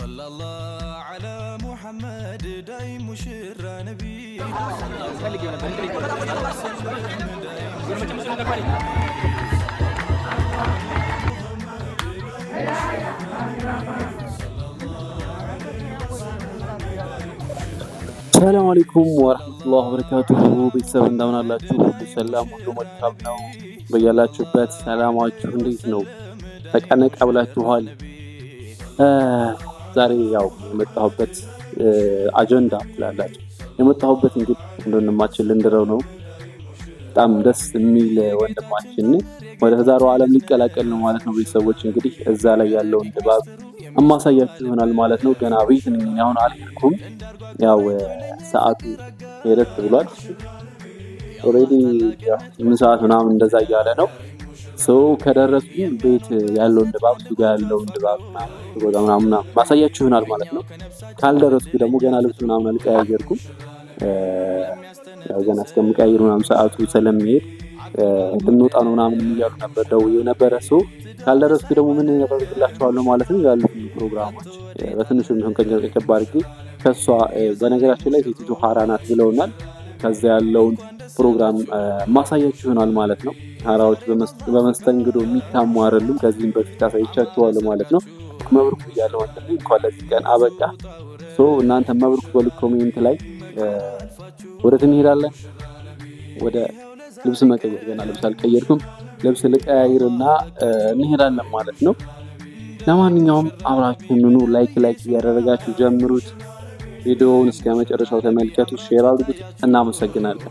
صلى الله على محمد دايم مشرى نبي السلام عليكم ورحمة الله وبركاته بيسر من دونا لا تشوف عليكم ليس نوم فكأنك ዛሬ ያው የመጣሁበት አጀንዳ ትላላቸው የመጣሁበት እንግዲህ እንደወንድማችን ልንድረው ነው። በጣም ደስ የሚል ወንድማችን ወደ ተዛሩ አለም ሊቀላቀል ነው ማለት ነው። ቤተሰቦች እንግዲህ እዛ ላይ ያለውን ድባብ አማሳያችሁ ይሆናል ማለት ነው። ገና ቤት አሁን አልሄድኩም፣ ያው ሰአቱ ሄደት ብሏል። ኦሬዲ ምን ሰዓት ምናምን እንደዛ እያለ ነው ሰው ከደረሱ ግን ቤት ያለውን ድባብ እሱ ጋር ያለውን ድባብ ምናምን ማሳያችሁ ይሆናል ማለት ነው። ካልደረስኩ ደግሞ ገና ልብስ ምናምን አልቀያየርኩም። ያው ገና እስከምቀያየር ምናምን ሰዓቱ ስለሚሄድ ልንወጣ ነው ምናምን እያሉ ነበር ደውዬ ነበረ። ሰው ካልደረስኩ ደግሞ ምን ያደርግላችኋለሁ ማለት ነው። ያሉ ፕሮግራሞች በትንሹ የሚሆን ከንጨቀጨባ አድርጌ ከእሷ በነገራችን ላይ ሴቲቱ ሀራ ናት ብለውናል። ከዛ ያለውን ፕሮግራም ማሳያችሁ ይሆናል ማለት ነው። ሀራዎች በመስተንግዶ የሚታሙ አይደሉም። ከዚህም በፊት አሳይቻችኋለሁ ማለት ነው። መብርኩ እያለ ማለት ነው። እንኳን ለዚህ ቀን አበቃ። እናንተ መብርኩ በሉ ኮሜንት ላይ ወደ እንሄዳለን። ወደ ልብስ መቀየር፣ ገና ልብስ አልቀየርኩም። ልብስ ልቀያይርና እንሄዳለን ማለት ነው። ለማንኛውም አብራችሁን ላይክ ላይክ እያደረጋችሁ ጀምሩት። ቪዲዮውን እስከ መጨረሻው ተመልከቱ፣ ሼር አድርጉት። እናመሰግናለን።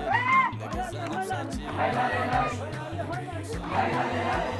Hayır hayır hayır.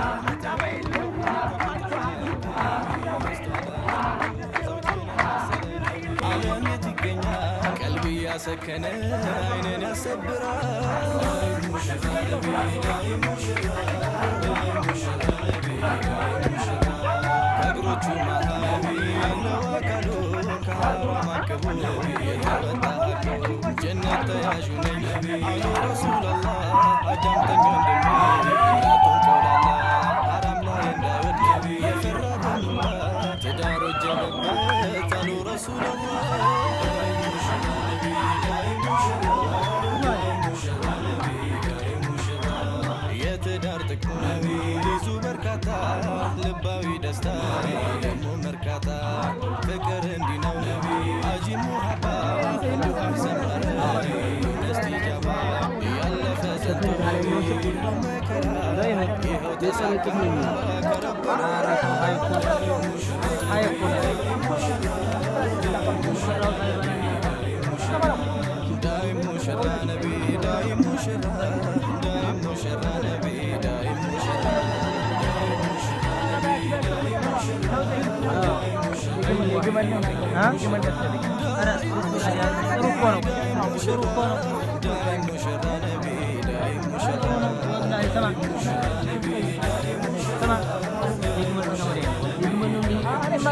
ያሰከነ አይንን ያሰብራል እግሮቹ ማታቢ ያለው አካሉ ከአሉ ማቀቡ ነቢ ጀነት ተያዡ ነቢ አሉ ረሱላላ አዳምጠኝ ወንድሜ ያቶቆላላ ደስታ ደግሞም እርካታ ፍቅር እንዲህ ነው አጂ ሙሀባ ዱሃም ዘመረ ደስቲጃባ ያለፈ ዘንቶ መከራ ይኸው ተሳካ ከረበረ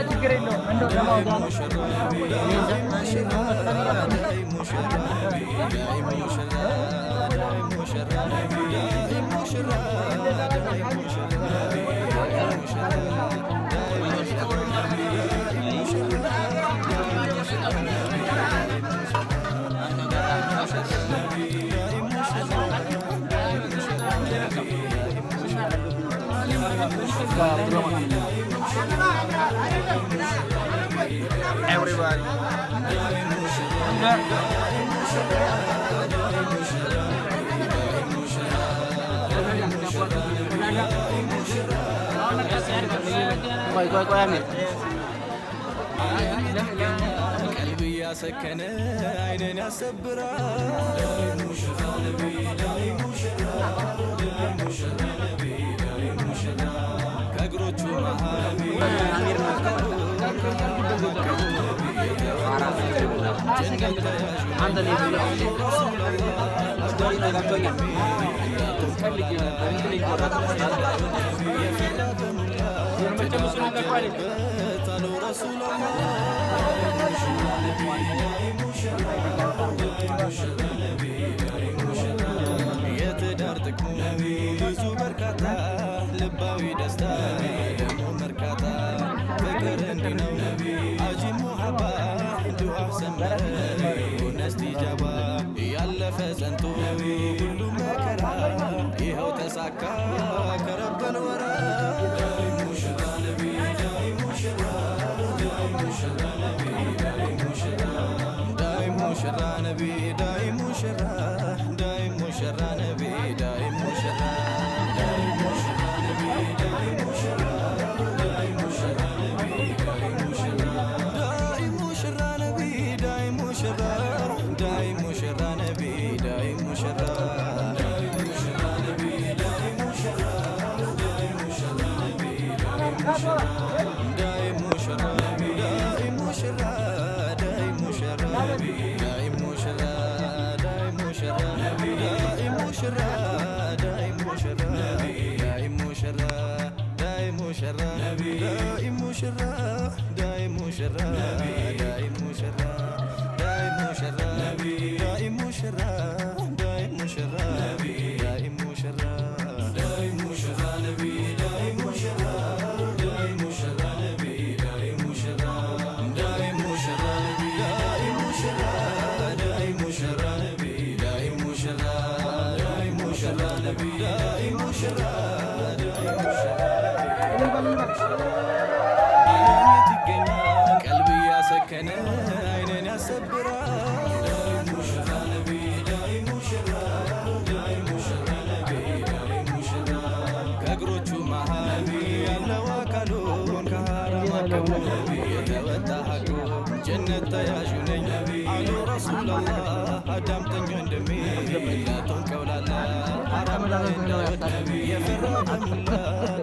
ችግር የለውም። እንደው ለማውጣት عبد قلبي يا سكنة عيننا سبرة قلبي مش غالبي قلبي مش غالبي በእግሮቹ ረሱላ دائم مشرع دائم نبي دائم مشرع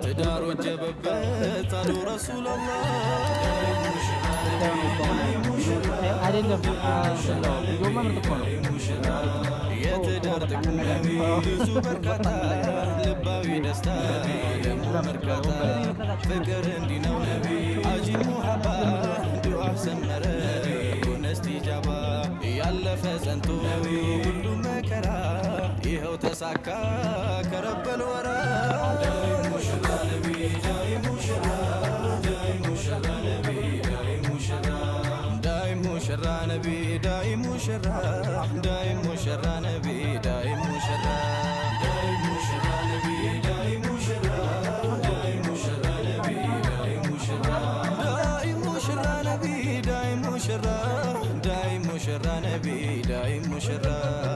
ትዳር ወጀበበት አሉ ረሱላላ የትዳር ጥቅም ብዙ በርካታ፣ ልባዊ ደስታ ደሞ በርካታ፣ ፍቅር እንዲህ ነው ነቢ አጂ ሙሀባ ዱዓ ሰመረ ነስቲጃባ ያለፈ ጸንቶ ሁሉም መከራ ይኸው ተሳካ ከረብ ልወራ ዳይ ሙሽራ ነቢ ዳይ ሙሽራ ዳይ ሙሽራ ነቢ ዳይ ሙሽራ دايم مشرى دايم مشرى نبي دايم مشرى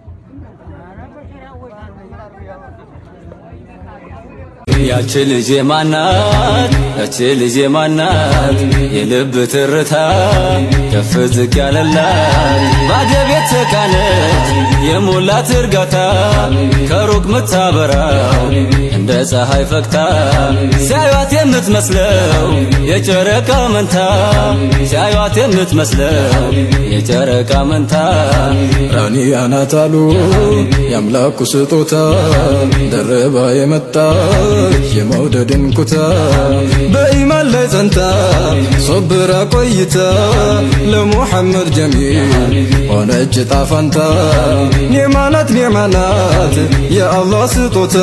ያች ልጄ ማናት ያች ልጄ ማናት የልብ ትርታ ከፍ ዝቅ ያለላት ባደብ የተካነች የሞላት እርጋታ ከሩቅ ምታበራው እንደ ፀሐይ ፈቅታ ሲያዩት የምትመስለው የጨረቃ መንታ ሲያዩት የምትመስለው የጨረቃ መንታ ራኒ አናት አሉ የአምላኩ ስጦታ ደረባ የመጣ የመውደድን ኩታ በኢማን ላይ ጸንታ ሶብራ ቆይታ ለሙሐመድ ጀሚል ሆነች ጣፋንታ ኒዕማናት ኒዕማናት የአላህ ስጦታ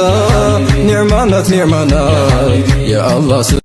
ኒዕማናት ኒዕማናት የአላህ